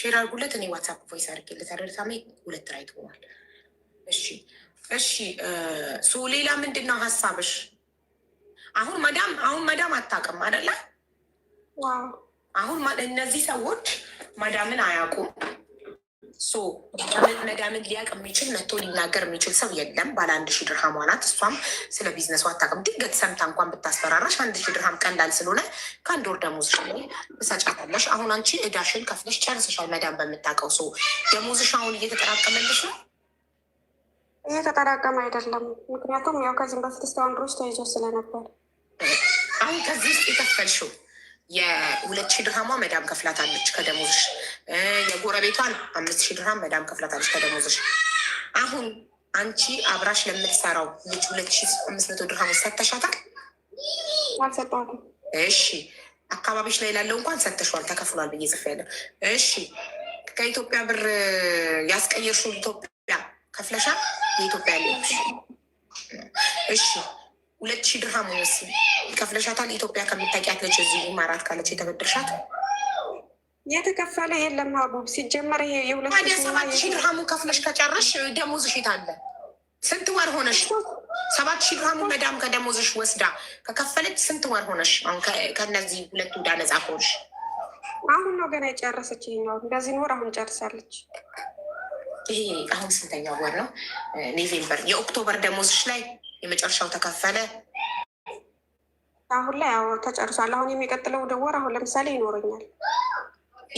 ሼር አድርጉለት። እኔ ዋትሳፕ ቮይስ አድርጌለት አደረሳሜ ሁለት ራይት ሆኗል። እሺ እሺ። ሶ ሌላ ምንድን ነው ሀሳብሽ? አሁን ማዳም አሁን ማዳም አታውቅም አደለ? አሁን እነዚህ ሰዎች ማዳምን አያውቁም። ሶ መጋመድ ሊያውቅ የሚችል መቶ ሊናገር የሚችል ሰው የለም። ባለ አንድ ሺህ ድርሃም ዋናት። እሷም ስለ ቢዝነሱ አታውቅም። ድንገት ሰምታ እንኳን ብታስፈራራሽ አንድ ሺ ድርሃም ቀላል ስለሆነ ከአንድ ወር ደሞዝሽ ላይ ትሰጫታለሽ። አሁን አንቺ እዳሽን ከፍለሽ ጨርስሻል። መዳም በምታውቀው ሰው ደሞዝሽ አሁን እየተጠራቀመልሽ ነው። እየተጠራቀመ አይደለም። ምክንያቱም ያው ከዚህም በፊት እስከ ተይዞ ስለነበር አሁን ከዚህ ውስጥ የከፈልሽው የሁለት ሺህ ድርሃሟ መዳም ከፍላታለች ከደሞዝሽ። የጎረቤቷን አምስት ሺህ ድርሃም መዳም ከፍላታለች ከደሞዝሽ። አሁን አንቺ አብራሽ ለምትሰራው ልጅ ሁለት ሺህ አምስት መቶ ድርሃም ሰተሻታል? እሺ አካባቢሽ ላይ ላለው እንኳን ሰተሸዋል፣ ተከፍሏል ብዬ ጽፍ ጽፌያለሁ። እሺ ከኢትዮጵያ ብር ያስቀየርሽው ኢትዮጵያ ከፍለሻ የኢትዮጵያ ያለች እሺ ሁለት ሺ ድርሃም ወይስ ይከፍለሻታል። ኢትዮጵያ ከምታውቂያት ነች። እዚህ ማራት ካለች የተበደርሻት የተከፈለ የለም። ሀቡብ ሲጀመር ይሄ የሁለት ሰባት ሺ ድርሃሙን ከፍለሽ ከጨረሽ ደሞዝሽ የት አለ? ስንት ወር ሆነሽ? ሰባት ሺ ድርሃሙ መዳም ከደሞዝሽ ወስዳ ከከፈለች ስንት ወር ሆነሽ? አሁን ከእነዚህ ሁለቱ ወዳ ነጻ ከሆንሽ አሁን ነው ገና የጨረሰች። ይኛው እንደዚህ ኖር አሁን ጨርሳለች። ይሄ አሁን ስንተኛው ወር ነው? ኔቬምበር የኦክቶበር ደሞዝሽ ላይ የመጨረሻው ተከፈለ። አሁን ላይ አዎ ተጨርሷል። አሁን የሚቀጥለው ደወር አሁን ለምሳሌ ይኖረኛል።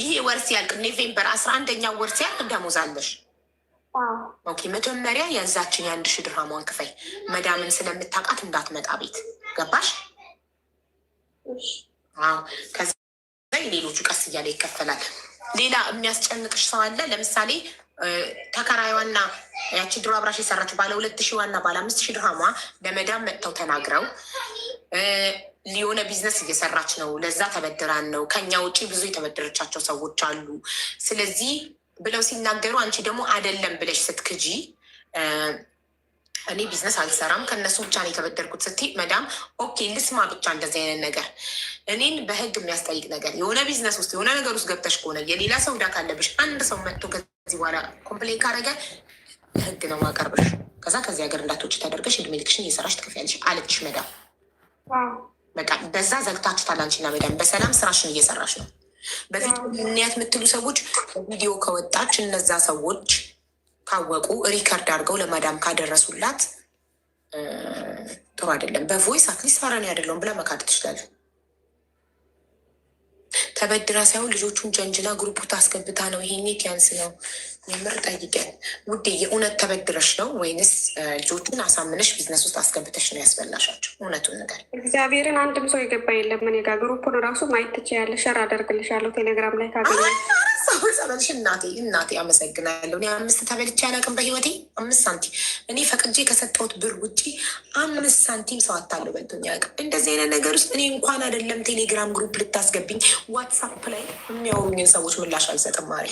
ይሄ ወር ሲያልቅ ኔቬምበር አስራ አንደኛው ወር ሲያልቅ ደሞዝ አለሽ። ኦኬ መጀመሪያ የዛችን የአንድ ሺ ድርሃሟን ክፈይ። መዳምን ስለምታውቃት እንዳትመጣ ቤት ገባሽ? አዎ ከዛ ሌሎቹ ቀስ እያለ ይከፈላል። ሌላ የሚያስጨንቅሽ ሰው አለ ለምሳሌ ተከራይዋና ያቺ ድሮ አብራሽ የሰራችው ባለ ሁለት ሺ ዋና ባለ አምስት ሺ ድርሃሟ ለመዳም መጥተው ተናግረው ሊሆነ ቢዝነስ እየሰራች ነው፣ ለዛ ተበድራን ነው፣ ከኛ ውጭ ብዙ የተበደረቻቸው ሰዎች አሉ፣ ስለዚህ ብለው ሲናገሩ አንቺ ደግሞ አይደለም ብለሽ ስትክጂ እኔ ቢዝነስ አልሰራም ከእነሱ ብቻ ነው የተበደርኩት ስትይ መዳም ኦኬ ልስማ ብቻ እንደዚህ አይነት ነገር እኔን በህግ የሚያስጠይቅ ነገር የሆነ ቢዝነስ ውስጥ የሆነ ነገር ውስጥ ገብተሽ ከሆነ የሌላ ሰው ዕዳ ካለብሽ አንድ ሰው መጥቶ ከዚህ በኋላ ኮምፕሌን ካረገ ህግ ነው ማቀርብሽ። ከዛ ከዚህ ሀገር እንዳትወጪ ተደርገሽ እድሜ ልክሽን እየሰራሽ ትከፍያለሽ አለች መዳም በቃ በዛ ዘግታችሁ ታላንችና መዳም በሰላም ስራሽን እየሰራሽ ነው። በፊት ምንያት የምትሉ ሰዎች ቪዲዮ ከወጣች እነዛ ሰዎች ካወቁ ሪከርድ አድርገው ለማዳም ካደረሱላት ጥሩ አይደለም። በቮይስ አትሊስት ፈረን ያደለውን ብላ መካድ ትችላለን። ተበድራ ሳይሆን ልጆቹን ጀንጅና ግሩፕ አስገብታ ነው። ይሄኔ ቲያንስ ያንስ ነው የምር ጠይቀን ውዴ፣ የእውነት ተበድረሽ ነው ወይንስ ልጆቹን አሳምነሽ ቢዝነስ ውስጥ አስገብተሽ ነው ያስበላሻቸው? እውነቱን ነገር እግዚአብሔርን አንድም ሰው የገባ የለም። እኔ ጋር ግሩፑን ራሱ ማየት ትችያለሽ፣ ሸር አደርግልሻለሁ ቴሌግራም ላይ ካገኘ ሰበልሽ እናቴ እናቴ አመሰግናለሁ። እኔ አምስት ተበልቼ አላውቅም በህይወቴ አምስት ሳንቲም። እኔ ፈቅጄ ከሰጠሁት ብር ውጪ አምስት ሳንቲም ሰው አታለሁ በልቶኝ አያውቅም። እንደዚህ አይነት ነገር ውስጥ እኔ እንኳን አይደለም ቴሌግራም ግሩፕ ልታስገብኝ ዋትሳፕ ላይ የሚያወሩኝን ሰዎች ምላሽ አልሰጥም ማሪ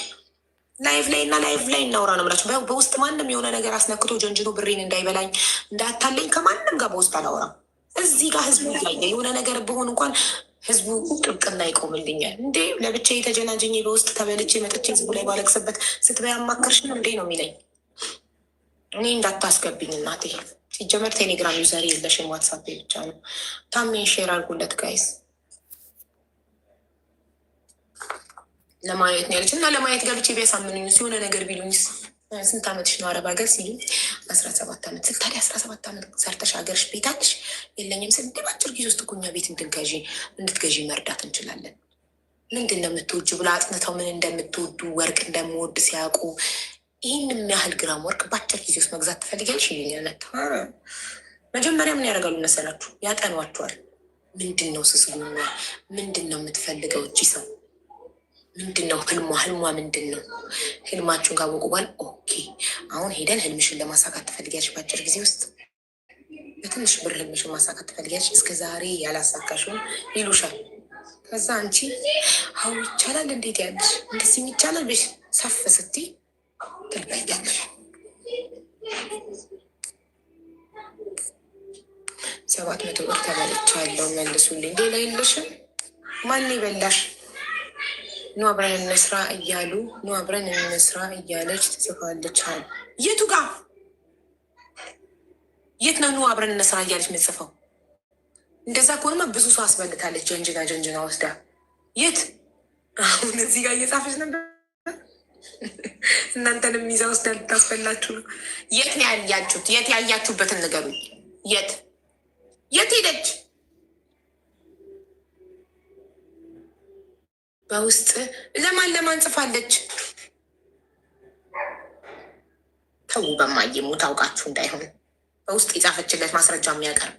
ላይቭ ላይ እና ላይቭ ላይ እናውራ ነው የምላቸው። በውስጥ ማንም የሆነ ነገር አስነክቶ ጀንጅኖ ብሬን እንዳይበላኝ እንዳታለኝ ከማንም ጋር በውስጥ አላወራም። እዚህ ጋር ህዝቡ እያየ የሆነ ነገር ብሆን እንኳን ህዝቡ ቅብቅና ይቆምልኛል። እንዴ ለብቻ የተጀናጀኝ በውስጥ ተበልቼ መጥቼ ህዝቡ ላይ ባለቅስበት ስትበይ ነው እንዴ ነው የሚለኝ። እኔ እንዳታስገብኝ እናቴ። ሲጀመር ቴሌግራም ዩዘር የለሽም ዋትሳፕ ብቻ ነው። ታሜን ሼር አርጉለት ጋይስ። ለማየት ነው ያለች እና ለማየት ገብቼ ቢያሳምኑኝ ሲሆነ ነገር ቢሉኝ ስንት ዓመትሽ ነው አረብ ሀገር ሲሉ አስራ ሰባት ዓመት ስል ታዲያ አስራ ሰባት ዓመት ሰርተሽ ሀገርሽ ቤታለሽ የለኝም ስል እንደ ባጭር ጊዜ ውስጥ እኮ እኛ ቤት እንድንገዢ እንድትገዢ መርዳት እንችላለን። ምንድን እንደምትወጁ ብላ አጥንተው ምን እንደምትወዱ ወርቅ እንደምወድ ሲያውቁ ይህን ያህል ግራም ወርቅ በአጭር ጊዜ ውስጥ መግዛት ትፈልጊያለሽ ይለኛል። መጀመሪያ ምን ያደርጋሉ መሰላችሁ? ያጠኗቸዋል። ምንድን ነው ስስሉ? ምንድን ነው የምትፈልገው እጅ ሰው ምንድን ነው ህልሟ? ህልሟ ምንድን ነው? ህልማችሁን ካወቁ በኋላ ኦኬ፣ አሁን ሄደን ህልምሽን ለማሳካት ትፈልጊያለሽ። በአጭር ጊዜ ውስጥ በትንሽ ብር ህልምሽን ማሳካት ትፈልጊያለሽ። እስከ ዛሬ ያላሳካሽውን ይሉሻል። ከዛ አንቺ አዎ ይቻላል፣ እንዴት ያለሽ እንደዚህም ይቻላል ብሽ ሰፍ ስቲ ትልበያለሽ። ሰባት መቶ ብር ተበልቻለሁ መልሱልኝ። ሌላ የለሽም? ማን ይበላሽ? ኑ አብረን እንስራ እያሉ ኑ አብረን እንስራ እያለች ትጽፋለች አሉ። የቱ ጋ የት ነው ኑ አብረን እንስራ እያለች የምጽፈው እንደዛ ከሆነማ ብዙ ሰው አስበልታለች። ጀንጅና ጀንጅና ወስዳ የት አሁን እዚህ ጋር እየጻፈች ነበር። እናንተንም ይዛ ውስጥ ልታስበላችሁ ነው። የት ነው ያያችሁት? የት ያያችሁበትን ንገሩኝ። የት የት ሄደች? በውስጥ ለማን ለማን ጽፋለች? ተው በማየሙ ታውቃችሁ እንዳይሆን በውስጥ የጻፈችለት ማስረጃ የሚያቀርብ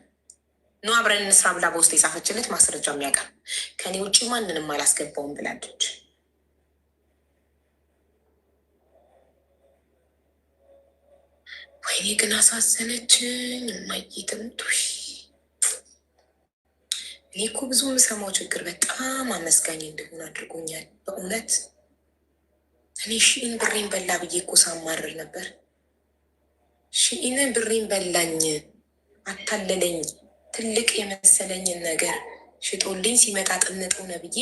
ኖ አብረን እንስራ ብላ በውስጥ የጻፈችለት ማስረጃ የሚያቀርብ ከኔ ውጭ ማንንም አላስገባውም ብላለች። ወይኔ ግን አሳዘነችኝ። ማየትምቱ እኔ እኮ ብዙ የምሰማው ችግር በጣም አመስጋኝ እንደሆን አድርጎኛል። በእውነት እኔ ሺኢን ብሬን በላ ብዬ እኮ ሳማርር ነበር። ሺኢን ብሬን በላኝ፣ አታለለኝ፣ ትልቅ የመሰለኝን ነገር ሽጦልኝ ሲመጣ ጥንጠው ብዬ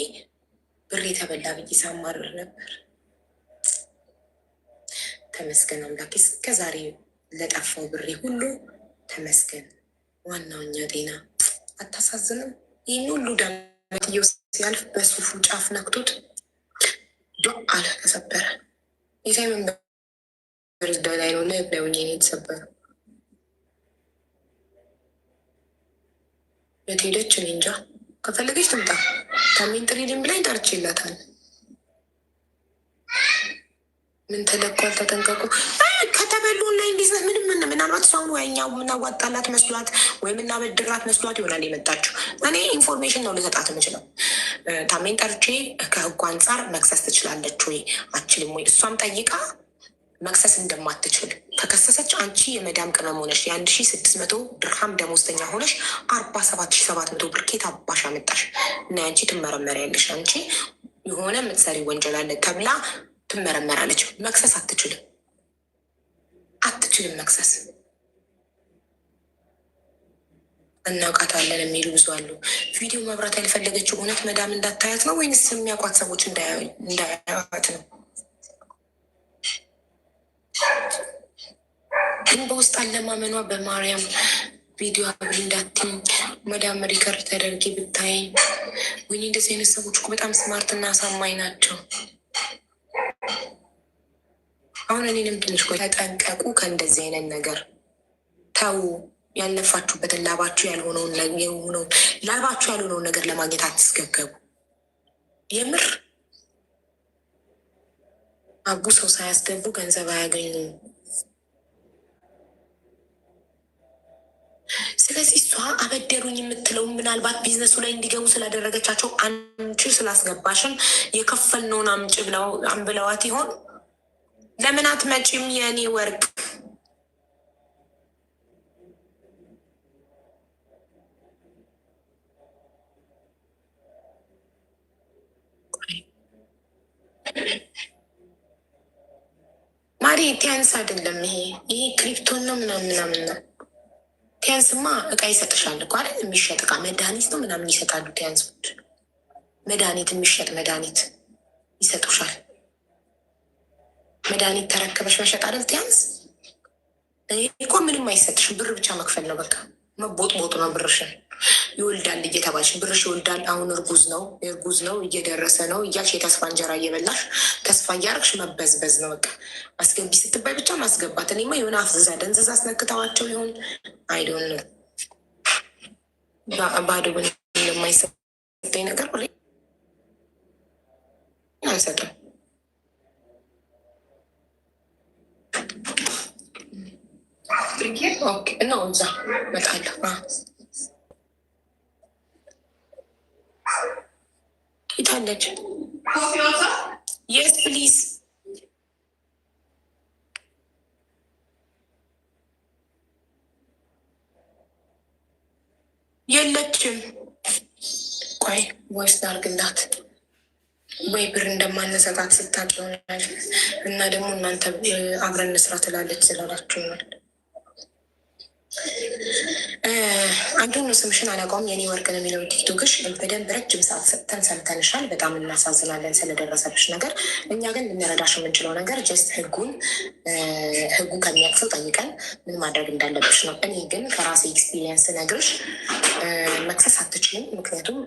ብሬ ተበላ ብዬ ሳማርር ነበር። ተመስገን አምላኬ፣ እስከዛሬ ለጠፋው ብሬ ሁሉ ተመስገን። ዋናውኛ ጤና አታሳዝንም? ይህ ሁሉ ዳመትየው ሲያልፍ በሱፉ ጫፍ ነክቶት ዶ አለ ተሰበረ። ጌታ መንበር በላይ ነው እና የብላውኝ የተሰበረ የት ሄደች? እኔ እንጃ። ከፈለገች ትምጣ። ታሜን ጥሪልኝ ብላኝ ይላታል። ምን ተለኳል? ተጠንቀቁ ይበሉ ኦንላይን ቢዝነስ ምንም ምን ምናልባት ሰውን ወይኛ የምናዋጣላት መስሏት ወይም የምናበድራት መስሏት ይሆናል የመጣችው። እኔ ኢንፎርሜሽን ነው ልሰጣት የምችለው። ታሜን ጠርቼ ከህጉ አንጻር መክሰስ ትችላለች ወይ አችልም ወይ እሷም ጠይቃ መክሰስ እንደማትችል ከከሰሰች አንቺ የመዳም ቅመም ሆነሽ የአንድ ሺ ስድስት መቶ ድርሃም ደሞዝተኛ ሆነሽ አርባ ሰባት ሺ ሰባት መቶ ብር ከየት አባሽ አመጣሽ? እና አንቺ ትመረመሪያለሽ። አንቺ የሆነ የምትሰሪ ወንጀል አለ ተብላ ትመረመራለች። መክሰስ አትችልም። አትችልም መክሰስ። እናውቃታለን የሚሉ ብዙ አሉ። ቪዲዮ መብራት ያልፈለገችው እውነት መዳም እንዳታያት ነው ወይንስ የሚያውቋት ሰዎች እንዳያዩት ነው? ግን በውስጥ አለማመኗ በማርያም ቪዲዮ አብሪ እንዳትኝ መዳም ሪከርድ ተደርጌ ብታይኝ። ወይ እንደዚህ አይነት ሰዎች በጣም ስማርትና አሳማኝ ናቸው። አሁን እኔንም ትንሽ ተጠንቀቁ፣ ከእንደዚህ አይነት ነገር ተዉ። ያለፋችሁበትን ላባችሁ ያልሆነውን ላባችሁ ያልሆነውን ነገር ለማግኘት አትስገገቡ። የምር አቡ ሰው ሳያስገቡ ገንዘብ አያገኙም። ስለዚህ እሷ አበደሩኝ የምትለው ምናልባት ቢዝነሱ ላይ እንዲገቡ ስላደረገቻቸው አንቺ ስላስገባሽን የከፈልነውን ብለው አንብለዋት ይሆን? ለምን አትመጪም የእኔ ወርቅ? ማሪ ቴንስ አይደለም ይሄ ይሄ ክሪፕቶ ነው ምናምን ምናምን ነው። ቴንስማ እቃ ይሰጥሻል እኮ አይደል? የሚሸጥ እቃ መድኃኒት ነው ምናምን ይሰጣሉ። ቴንሶች መድኃኒት የሚሸጥ መድኃኒት ይሰጡሻል። መድኃኒት ተረከበሽ መሸጥ አይደል ቲያንስ እኮ ምንም አይሰጥሽም። ብር ብቻ መክፈል ነው በቃ መቦጥቦጥ ነው ብርሽን። ይወልዳል እየተባልሽ ብርሽ ይወልዳል። አሁን እርጉዝ ነው እርጉዝ ነው እየደረሰ ነው እያልሽ የተስፋ እንጀራ እየበላሽ ተስፋ እያረግሽ መበዝበዝ ነው በቃ። አስገቢ ስትባይ ብቻ ማስገባት። እኔማ የሆነ አፍዝዛ ደንዝዛ አስነክተዋቸው ይሆን አይዶን ነው ባዶ ብን የማይሰጠኝ ነገር አልሰጥም። አፍሪኬ ነው እዛ እመጣለሁ። ይታለች የስ ፕሊዝ የለችም። ቆይ ወይስ ወይ ብር እንደማነሰጣት ስታጭ ይሆናል እና ደግሞ እናንተ አብረን ስራ ትላለች ስላላችሁናል Thank you. አንዱን ነው ስምሽን አላውቀውም የኔ ወርቅ ነው የሚለው ቲክቶክሽ በደንብ ረጅም ሰዓት ሰጥተን ሰምተንሻል። በጣም እናሳዝናለን ስለደረሰብሽ ነገር። እኛ ግን ልንረዳሽ የምንችለው ነገር ጀስት ህጉን ህጉ ከሚያቅሰው ጠይቀን ምን ማድረግ እንዳለብሽ ነው። እኔ ግን ከራሴ ኤክስፒሪየንስ ነግርሽ መክሰስ አትችልም፣ ምክንያቱም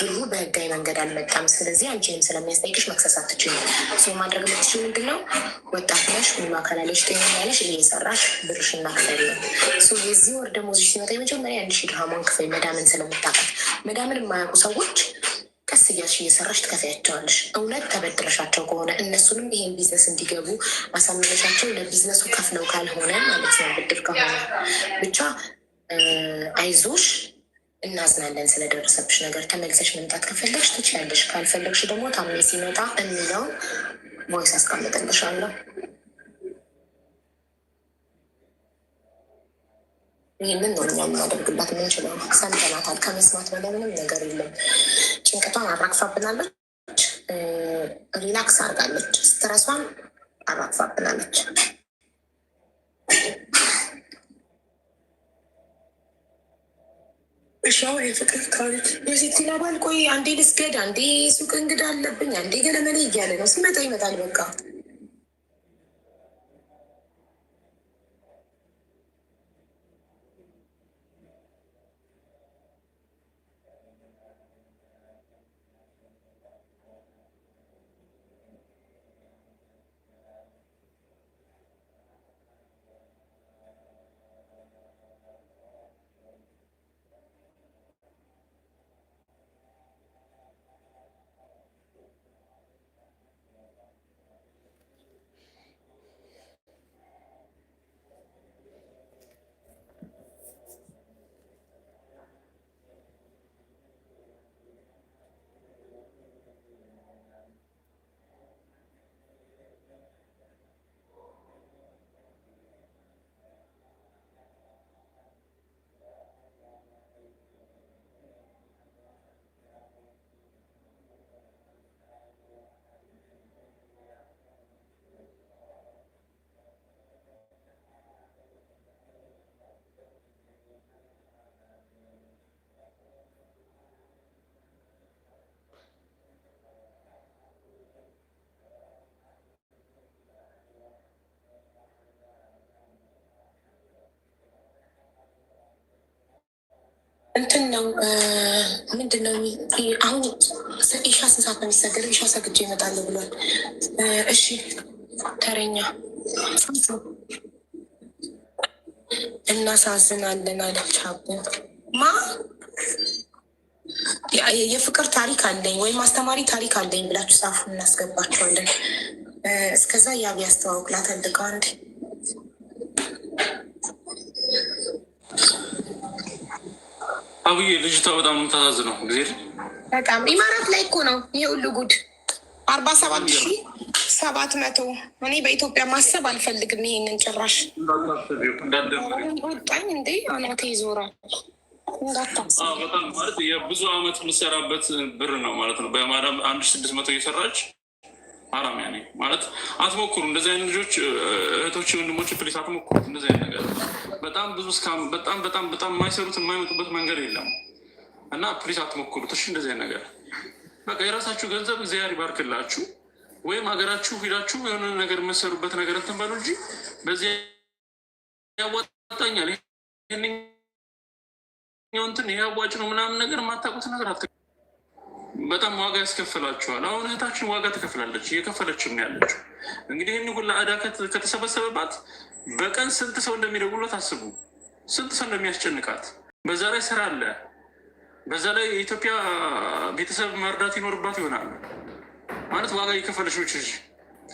ብሩ በህጋዊ መንገድ አልመጣም። ስለዚህ አንቺንም ስለሚያስጠይቅሽ መክሰስ አትችልም። ሰው ማድረግ የምትችል ምንድን ነው ወጣት ነሽ፣ ምንም አካላለሽ፣ ጤነኛ ነሽ፣ እየሰራሽ ብርሽ እናክላለን የዚህ ወር ደሞዝሽ ሲመጣ የመጀመሪያ አንድ ሺ ድርሃሟን ክፈይ። መዳምን ስለምታቀት መዳምን የማያውቁ ሰዎች ቀስ እያልሽ እየሰራሽ ትከፍያቸዋለሽ። እውነት ተበድረሻቸው ከሆነ እነሱንም ይሄን ቢዝነስ እንዲገቡ አሳምነሻቸው ለቢዝነሱ ከፍለው ካልሆነ ማለት ነው ብድር ከሆነ ብቻ አይዞሽ እናዝናለን ስለደረሰብሽ ነገር። ተመልሰሽ መምጣት ከፈለግሽ ትችያለሽ፣ ካልፈለግሽ ደግሞ ታምሜ ሲመጣ የሚለውን ቮይስ አስቀምጥልሻለሁ። ይህንን ነው እኛ የምናደርግባት የምንችለው። ሰምተናታል። ከመስማት በላይ ምንም ነገር የለም። ጭንቀቷን አራግፋብናለች፣ ሪላክስ አድርጋለች። ስትረሷን አራግፋብናለች። እሻው የፍቅር ታሪክ የሴትና ባል ቆይ አንዴ ልስገድ፣ አንዴ ሱቅ እንግዳ አለብኝ፣ አንዴ ገለመሌ እያለ ነው። ሲመጣ ይመጣል በቃ እንትን ነው ምንድን ነው? አሁን ኢሻ ስንት ሰዓት ነው የሚሰገደው? ኢሻ ሰግጄ እመጣለሁ ብሏል። እሺ ተረኛ እናሳዝናለን አለች አቦ ማ የፍቅር ታሪክ አለኝ ወይም አስተማሪ ታሪክ አለኝ ብላችሁ ጻፉ፣ እናስገባቸዋለን። እስከዛ ያብ ያስተዋውቅላት ልቀው አንድ አብዬ ልጅቷ በጣም ነው። ጊዜ በጣም ኢማራት ላይ እኮ ነው ይሄ ሁሉ ጉድ። አርባ ሰባት ሺ ሰባት መቶ እኔ በኢትዮጵያ ማሰብ አልፈልግም። ይሄንን ጭራሽ ወጣኝ እንዴ አናት ይዞራል። በጣም ማለት የብዙ አመት የምሰራበት ብር ነው ማለት ነው። በማዳም አንድ ስድስት መቶ እየሰራች አራም ያኔ ማለት አትሞክሩ። እንደዚህ አይነት ልጆች እህቶች፣ ወንድሞች ፕሊስ አትሞክሩ እንደዚህ አይነት ነገር በጣም ብዙ በጣም በጣም በጣም የማይሰሩት የማይመጡበት መንገድ የለም እና ፕሊስ አትሞክሩት። እሺ እንደዚህ ነገር በቃ የራሳችሁ ገንዘብ እግዚአብሔር ይባርክላችሁ፣ ወይም ሀገራችሁ ሂዳችሁ የሆነ ነገር የምትሰሩበት ነገር እንትን በሉ እንጂ በዚህ ያዋጣኛል እንትን ይሄ አዋጭ ነው ምናምን ነገር የማታውቁት ነገር አት በጣም ዋጋ ያስከፍላችኋል። አሁን እህታችን ዋጋ ትከፍላለች፣ እየከፈለችም ያለችው። እንግዲህ ይህን ሁላ ዕዳ ከተሰበሰበባት በቀን ስንት ሰው እንደሚደውሉላት አስቡ። ስንት ሰው እንደሚያስጨንቃት። በዛ ላይ ስራ አለ። በዛ ላይ የኢትዮጵያ ቤተሰብ መርዳት ይኖርባት ይሆናል ማለት ዋጋ የከፈለች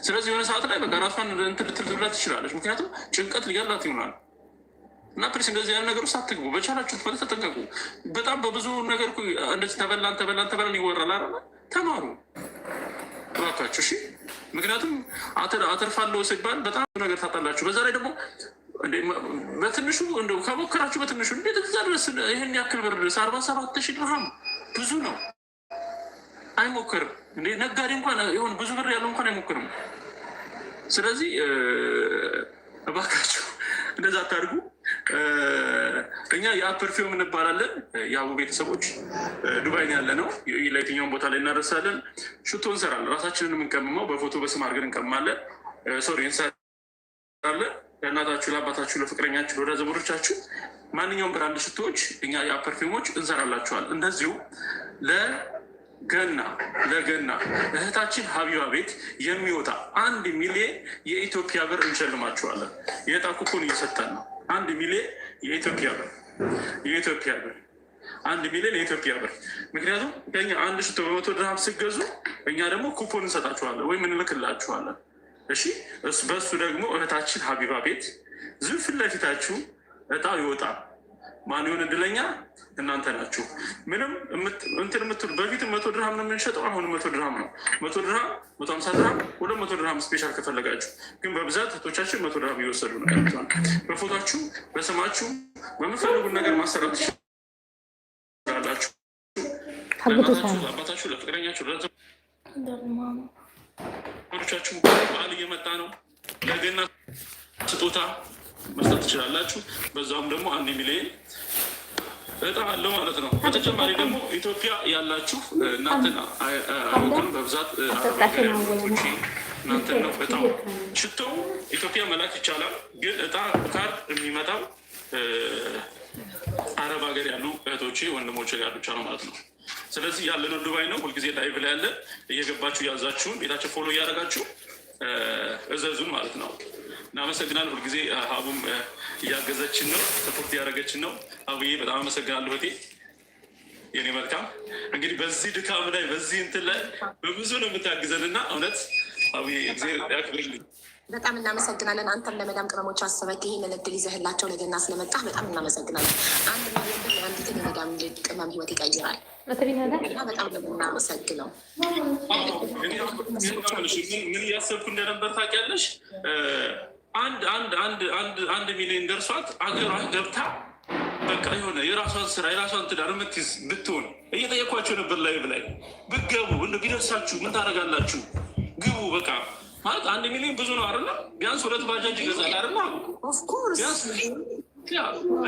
ስለዚህ የሆነ ሰዓት ላይ በቃ ራሷን እንትን ልትል ትችላለች። ምክንያቱም ጭንቀት ሊገላት ይሆናል እና ፕሊስ እንደዚህ ያለ ነገር ውስጥ አትግቡ። በቻላችሁት ማለት ተጠንቀቁ። በጣም በብዙ ነገር እንደዚህ ተበላን ተበላን ተበላን ይወራል። ተማሩ እባካችሁ እሺ። ምክንያቱም አተርፋለሁ ሲባል በጣም ነገር ታጣላችሁ። በዛ ላይ ደግሞ በትንሹ እንደው ከሞከራችሁ በትንሹ እንዴት እዛ ድረስ ይህን ያክል ብር ድረስ አርባ ሰባት ሺ ድርሃም ብዙ ነው፣ አይሞክርም። ነጋዴ እንኳን ሆን ብዙ ብር ያለው እንኳን አይሞክርም። ስለዚህ እባካችሁ እንደዛ አታድርጉ። እኛ የአፐር ፊልም እንባላለን። የአቡ ቤተሰቦች ዱባይን ያለ ነው። ለየትኛውን ቦታ ላይ እናደርሳለን። ሽቶ እንሰራለን። ራሳችንን የምንቀምመው በፎቶ በስም አድርገን እንቀምማለን። ሶሪ እንሰራለን። ለእናታችሁ፣ ለአባታችሁ፣ ለፍቅረኛችሁ፣ ለወዳጅ ዘመዶቻችሁ ማንኛውም ብራንድ ሽቶዎች እኛ የአፐር እንሰራላችኋል። እንደዚሁ ለገና ለገና እህታችን ሀቢባ ቤት የሚወጣ አንድ ሚሊየን የኢትዮጵያ ብር እንሸልማችኋለን። የዕጣ ኩፖን እየሰጠን ነው አንድ ሚሊዮን የኢትዮጵያ ብር የኢትዮጵያ ብር አንድ ሚሊዮን የኢትዮጵያ ብር። ምክንያቱም ከኛ አንድ ሽቶ በመቶ ድርሃም ሲገዙ እኛ ደግሞ ኩፖን እንሰጣችኋለን ወይም እንልክላችኋለን። እሺ በእሱ ደግሞ እህታችን ሀቢባ ቤት ዝም ፊት ለፊታችሁ እጣ ይወጣል። ማን ይሁን እድለኛ እናንተ ናችሁ። ምንም እንትን የምትሉ በፊት መቶ ድርሃም ነው የምንሸጠው፣ አሁን መቶ ድርሃም ነው። መቶ ድርሃም፣ መቶ ሀምሳ ድርሃም፣ ሁለት መቶ ድርሃም ስፔሻል ከፈለጋችሁ ግን በብዛት እህቶቻችን መቶ ድርሃም እየወሰዱ ነው ቀምተዋል። በፎታችሁ በስማችሁ በምፈልጉን ነገር ማሰራት ትችላላችሁ። አባታችሁ ለፍቅረኛችሁ ለቻችሁ በዓል እየመጣ ነው ለገና ስጦታ መስጠት ትችላላችሁ። በዛውም ደግሞ አንድ ሚሊዮን እጣ አለው ማለት ነው። በተጨማሪ ደግሞ ኢትዮጵያ ያላችሁ እናንተን አሮግን በብዛት እናንተን ነው። በጣም ሽቶው ኢትዮጵያ መላክ ይቻላል፣ ግን እጣ ካርድ የሚመጣው አረብ ሀገር ያሉ እህቶቼ ወንድሞቼ ጋር ብቻ ነው ማለት ነው። ስለዚህ ያለነው ዱባይ ነው። ሁልጊዜ ላይቭ ላይ ያለ እየገባችሁ ያዛችሁን ቤታቸው ፎሎ እያደረጋችሁ እዘዙን ማለት ነው። እናመሰግናል። ሁልጊዜ ሀቡም እያገዘችን ነው፣ ሰፖርት እያደረገችን ነው። ሀቡዬ በጣም አመሰግናለሁ በቴ የኔ መልካም። እንግዲህ በዚህ ድካም ላይ በዚህ እንትን ላይ በብዙ ነው የምታግዘን እና እውነት ሀቡዬ እግዚአብሔር ያክብርልኝ። በጣም እናመሰግናለን። አንተም ለመዳም ቅመሞች አስበህ ይህንን እድል ይዘህላቸው ለገና ስለመጣህ በጣም እናመሰግናለን። አንድ ሚሊዮን ብር ለመዳም የመዳም ቅመም ህይወት ይቀይራል። በጣም ነው የምናመሰግነው። ምን እያሰብኩ እንደነበር ታውቂያለሽ? አንድ አንድ አንድ አንድ አንድ ሚሊዮን ደርሷት አገሯ ገብታ በቃ የሆነ የራሷን ስራ የራሷን ትዳር የምትይዝ ብትሆን እየጠየኳቸው ነበር። ላይ ብላይ ብገቡ እንደ ቢደርሳችሁ ምን ታደርጋላችሁ? ግቡ በቃ ማለት አንድ ሚሊዮን ብዙ ነው አይደለ? ቢያንስ ሁለት ባጃጅ ይገዛል አይደለ?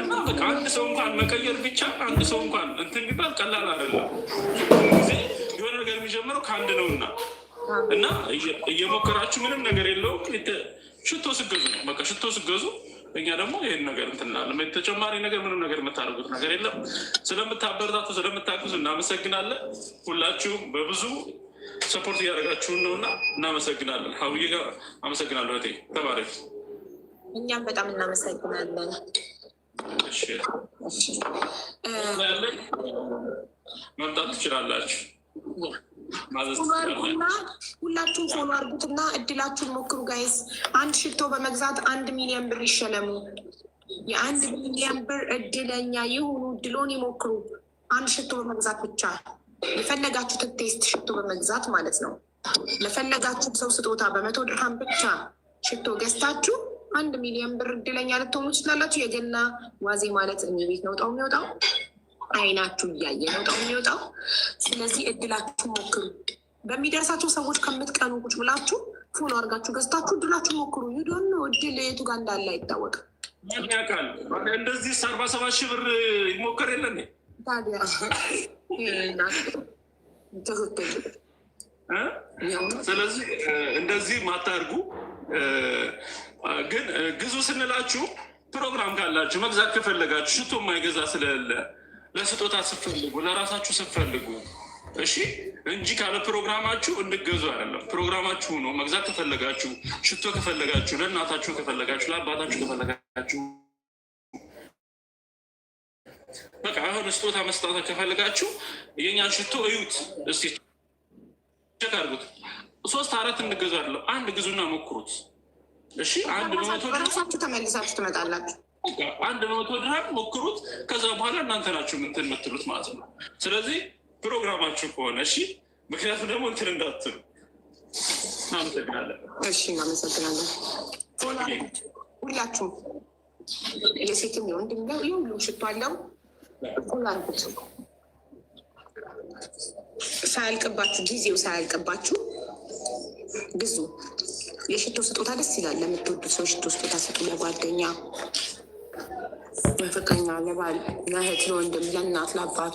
እና በቃ አንድ ሰው እንኳን መቀየር ብቻ አንድ ሰው እንኳን እንትን ቢባል ቀላል አይደለም። ጊዜ የሆነ ነገር የሚጀምረው ከአንድ ነውና እና እየሞከራችሁ ምንም ነገር የለውም ሽቶ ስገዙ ነው። በቃ ሽቶ ስገዙ እኛ ደግሞ ይህን ነገር እንትናለን። ተጨማሪ ነገር ምንም ነገር የምታደርጉት ነገር የለም። ስለምታበረታቱ ስለምታግዙ እናመሰግናለን። ሁላችሁም በብዙ ሰፖርት እያደረጋችሁን ነው እና እናመሰግናለን። ሀውዬ ጋር አመሰግናለሁ። እህቴ ተባረክ። እኛም በጣም እናመሰግናለን። መምጣት ትችላላችሁ። ሁላችሁም ፎሎ አድርጉትና እድላችሁን ሞክሩ ጋይስ። አንድ ሽቶ በመግዛት አንድ ሚሊዮን ብር ይሸለሙ። የአንድ ሚሊዮን ብር እድለኛ የሆኑ እድሎን ይሞክሩ። አንድ ሽቶ በመግዛት ብቻ የፈለጋችሁትን ቴስት ሽቶ በመግዛት ማለት ነው። ለፈለጋችሁት ሰው ስጦታ በመቶ ድርሃም ብቻ ሽቶ ገዝታችሁ አንድ ሚሊዮን ብር እድለኛ ልትሆኑ ትችላላችሁ። የገና ዋዜ ማለት እኔ ቤት ነው የሚወጣው አይናችሁ እያየ ነው እጣው የሚወጣው። ስለዚህ እድላችሁ ሞክሩ። በሚደርሳቸው ሰዎች ከምትቀኑ ቁጭ ብላችሁ ፎሎ አድርጋችሁ ገዝታችሁ እድላችሁ ሞክሩ። ዩዶን እድል የቱ ጋር እንዳለ አይታወቅም። ያውቃል እንደዚህ አርባ ሰባት ሺህ ብር ይሞከር የለን ታዲያ ስለዚህ እንደዚህ ማታርጉ ግን ግዙ ስንላችሁ ፕሮግራም ካላችሁ መግዛት ከፈለጋችሁ ሽቶ የማይገዛ ስለሌለ ለስጦታ ስፈልጉ ለራሳችሁ ስፈልጉ እሺ እንጂ ካለ ፕሮግራማችሁ እንገዙ አይደለም። ፕሮግራማችሁ ነው። መግዛት ከፈለጋችሁ፣ ሽቶ ከፈለጋችሁ፣ ለእናታችሁ ከፈለጋችሁ፣ ለአባታችሁ ከፈለጋችሁ፣ በቃ አሁን ስጦታ መስጣት ከፈለጋችሁ የኛን ሽቶ እዩት፣ እስቲ ቸክ አድርጉት። ሶስት አራት እንገዙ አይደለም፣ አንድ ግዙና ሞክሩት። እሺ አንድ በመቶ ራሳችሁ ተመልሳችሁ ትመጣላችሁ። አንድ መቶ ድርሃም ሞክሩት። ከዛ በኋላ እናንተ ናችሁ የምትሉት ማለት ነው። ስለዚህ ፕሮግራማችሁ ከሆነ እሺ፣ ምክንያቱም ደግሞ እንትን እንዳትሉ። አመሰግናለን። እሺ፣ አመሰግናለን። ሁላችሁም የሴትም የወንድም የሁሉም ሽቶ አለው። ቁላ ሳያልቅባችሁ፣ ጊዜው ሳያልቅባችሁ ግዙ። የሽቶ ስጦታ ደስ ይላል። ለምትወዱት ሰው ሽቶ ስጦታ ስጡ፣ ለጓደኛ ፍቅረኛ ለባል ለእህት ለወንድም ለእናት ለአባት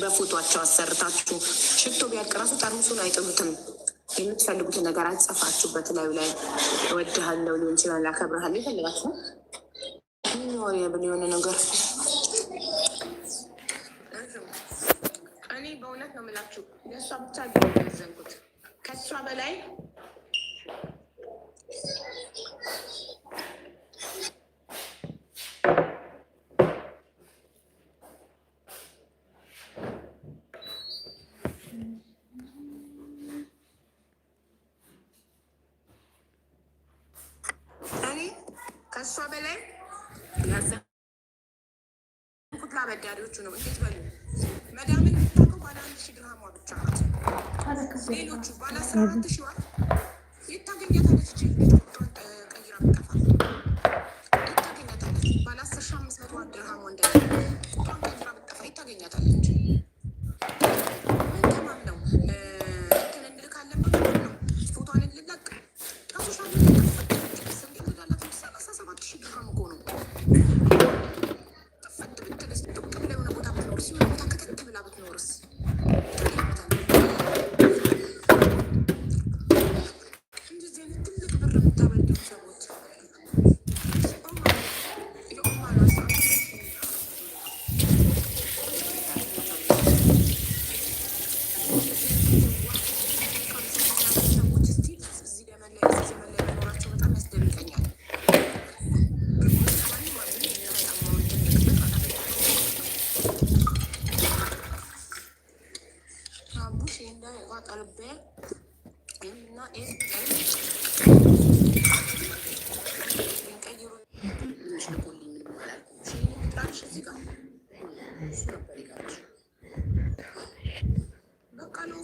በፎቷቸው አሰርታችሁ ሽቶ ቢያልቅ ራሱ ጠርሙሱን አይጥሉትም። የምትፈልጉትን ነገር አጽፋችሁበት ላዩ ላይ እወድሃለሁ ሊሆን ይችላል፣ አከብርሃለሁ ይፈልጋችሁ ሚኖር የብል የሆነ ነገር እኔ በእውነት ነው የምላችሁ ለእሷ ብቻ ያዘንኩት ከእሷ በላይ በላይ ያዘንኩት ለአበዳሪዎቹ ነው። እንዴት በሉ መዳምን የምታውቀው ባለ አንድ ሺህ ድርሃሟ ብቻ ናት። ሌሎቹ ባለ አስራ አራት ሺህ ዋት የት ታገኛታለች?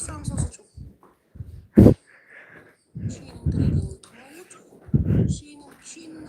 sam zaskoczył. Sino, sino, sino,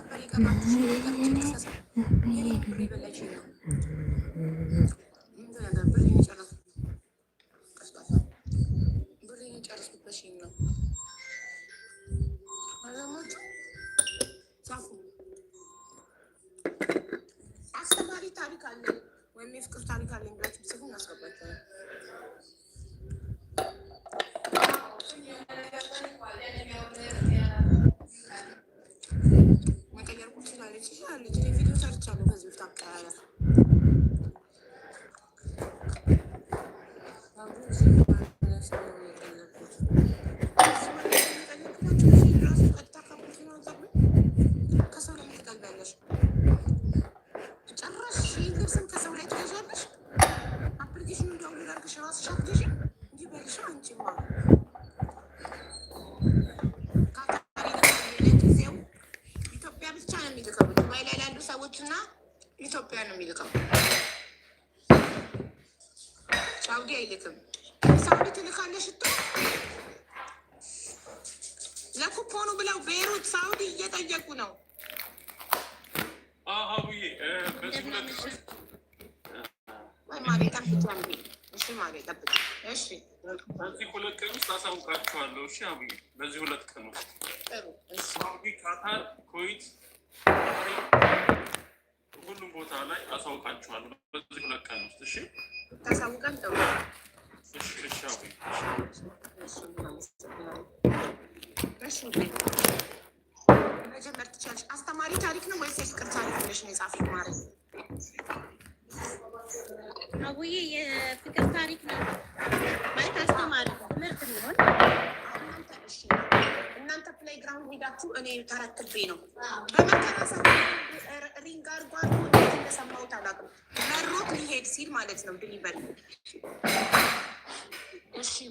እየጠየቁ ነው። በዚህ ሁለት ቀን ውስጥ አሳውቃችኋለሁ። እሺ አብዬ፣ በዚህ ሁለት ቀን ካታር፣ ኮይት፣ ሁሉም ቦታ ላይ አሳውቃችኋለሁ። በዚህ ሁለት ቀን ውስጥ እሺ፣ ታሳውቀን ጥሩ። እሺ፣ መጀመር ትችላለሽ። አስተማሪ ታሪክ ነው ወይስ የፍቅር ታሪክ ብለሽ ነው የጻፍሽው? ማለት አቡዬ የፍቅር ታሪክ ነው ማለት አስተማሪ ትምህርት ቢሆን እናንተ ፕሌይ ሄዳችሁ እኔ ተረክቤ ነው በመከራሰ ሪንጋር ጓር እንደሰማሁት አላውቅም። መሮት ሊሄድ ሲል ማለት ነው ድሊቨር እሺ፣